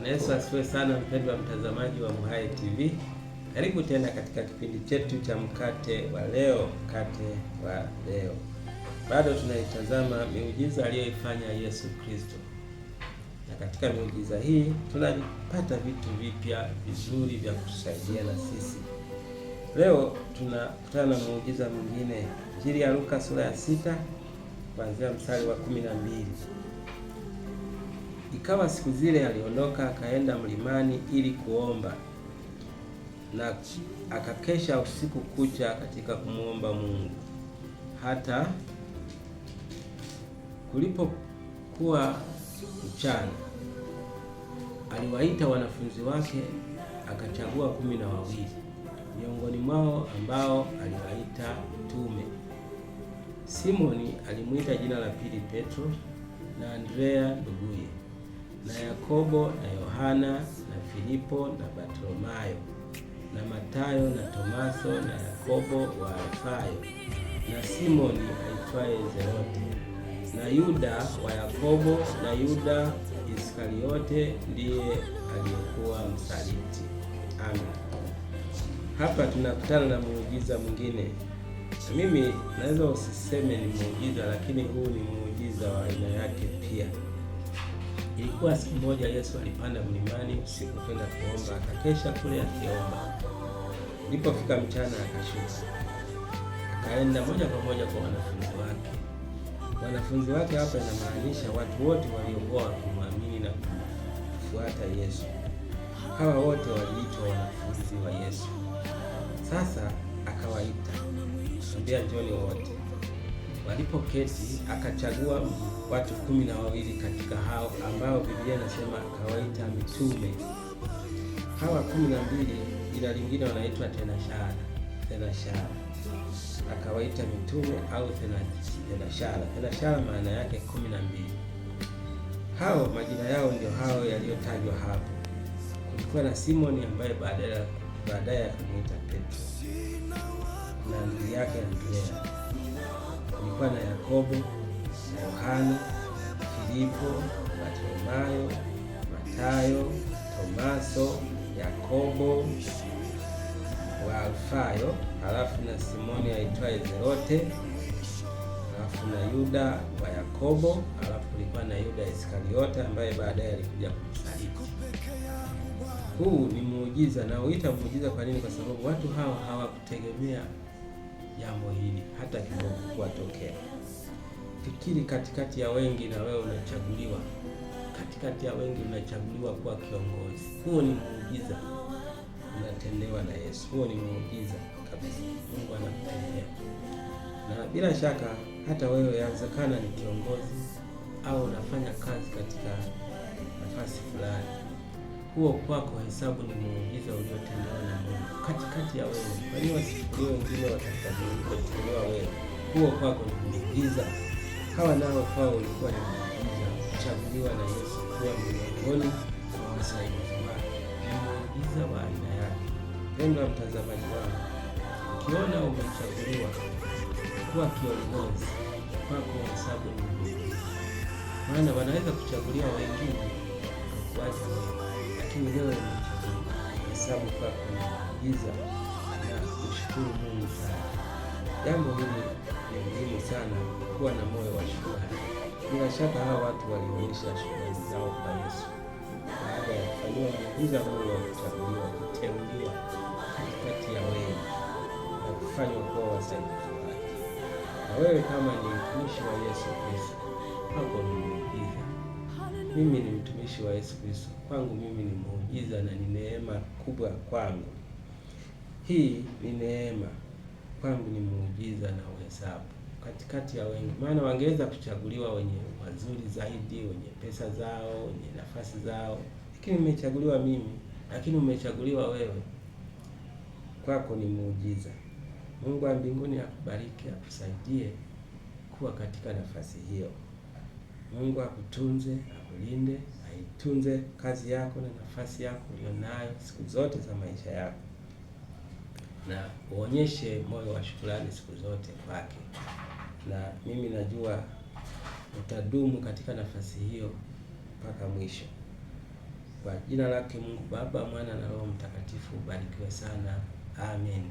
Bwana Yesu asifiwe sana, mpendwa mtazamaji wa MHAE TV, karibu tena katika kipindi chetu cha mkate wa leo. Mkate wa leo, bado tunaitazama miujiza aliyoifanya Yesu Kristo, na katika miujiza hii tunapata vitu vipya vizuri vya kutusaidia na sisi leo. Tunakutana na muujiza mwingine, Injili ya Luka sura ya sita kuanzia mstari wa kumi na mbili. Ikawa siku zile aliondoka akaenda mlimani ili kuomba, na akakesha usiku kucha katika kumwomba Mungu. Hata kulipokuwa mchana, aliwaita wanafunzi wake, akachagua kumi na wawili miongoni mwao, ambao aliwaita mtume Simoni alimwita jina la pili Petro, na Andrea nduguye na Yakobo na Yohana na Filipo na Bartolomayo na Matayo na Tomaso na Yakobo wa Alfayo na Simoni aitwaye Zelote na Yuda wa Yakobo na Yuda Iskariote ndiye aliyekuwa msaliti. Amen. Hapa tunakutana na muujiza mwingine. Mimi naweza usiseme ni muujiza, lakini huu ni muujiza wa aina yake pia. Ilikuwa siku moja Yesu alipanda mlimani usiku kwenda kuomba, akakesha kule akiomba. Ilipofika mchana akashuka, akaenda moja kwa moja kwa wanafunzi wake. Wanafunzi wake hapa inamaanisha watu wote waliokuwa wakimwamini na kumfuata Yesu. Hawa wote waliitwa wanafunzi wa Yesu. Sasa akawaita, ambia njoni wote Walipoketi akachagua watu kumi na wawili katika hao ambao Biblia inasema akawaita mitume. Hawa kumi na mbili, jina lingine wanaitwa thenashara, thenashara akawaita mitume au thenashara. Thenashara maana yake kumi na mbili. Hao majina yao ndio hao yaliyotajwa hapo. Kulikuwa na Simoni ambaye baadaye baadaye akamwita Petro na ndugu yake Andrea kulikuwa na Yakobo, Yohana, Filipo, Bartimayo, Matayo, Tomaso, Yakobo wa Alfayo, halafu na Simoni aitwaye zerote halafu na Yuda wa Yakobo, halafu kulikuwa na Yuda Iskariota ambaye baadaye alikuja kumsaliti. Huu ni muujiza na uita muujiza. Kwa nini? Kwa sababu watu hawa hawakutegemea jambo hili hata kidogo kuwatokea. Fikiri katikati ya wengi na wewe unachaguliwa, katikati ya wengi unachaguliwa kuwa kiongozi. Huo ni muujiza unatendewa na Yesu, huo ni muujiza kabisa. Mungu anakutendea, na bila shaka hata wewe yawezekana ni kiongozi au unafanya kazi katika nafasi fulani. Huo kwako hesabu ni muujiza uliotendewa na Mungu katikati ya wewe. Kwa hiyo wasifuriwe wengine, watakuwa wewe huo kwako ni kuigiza. Hawa nao kwao ulikuwa ni kuigiza, kuchaguliwa na Yesu kuwa miongoni mwa wasaidizi wake ni muujiza wa aina yake. Pendwa mtazamaji wangu, ukiona umechaguliwa kuwa kiongozi, kwako hesabu ni maana wanaweza kuchagulia wengine kuacha lakini wewe umechaguliwa. Hesabu kwako ni na kushukuru Mungu sana jambo hili ni muhimu sana kuwa na moyo wa shukrani. Bila shaka hawa watu walionyesha shukrani zao kwa Yesu baada ya kufanyiwa muujiza huo wa kuchaguliwa, kuteuliwa katikati ya wengi na kufanywa kuwa wasaidizi wake. Na wewe kama ni mtumishi wa Yesu Kristo, hapo ni muujiza. Mimi ni mtumishi wa Yesu Kristo, kwangu mimi ni muujiza na ni neema kubwa kwangu. Hii ni neema kwangu ni muujiza na uhesabu katikati ya wengi, maana wangeweza kuchaguliwa wenye wazuri zaidi, wenye pesa zao, wenye nafasi zao, lakini nimechaguliwa mimi, lakini umechaguliwa wewe. Kwako ni muujiza. Mungu wa mbinguni akubariki, akusaidie kuwa katika nafasi hiyo. Mungu akutunze, akulinde, aitunze kazi yako na nafasi yako ulionayo siku zote za maisha yako na uonyeshe moyo wa shukrani siku zote kwake, na mimi najua utadumu katika nafasi hiyo mpaka mwisho. Kwa jina lake Mungu Baba, Mwana na Roho Mtakatifu, ubarikiwe sana. Amen.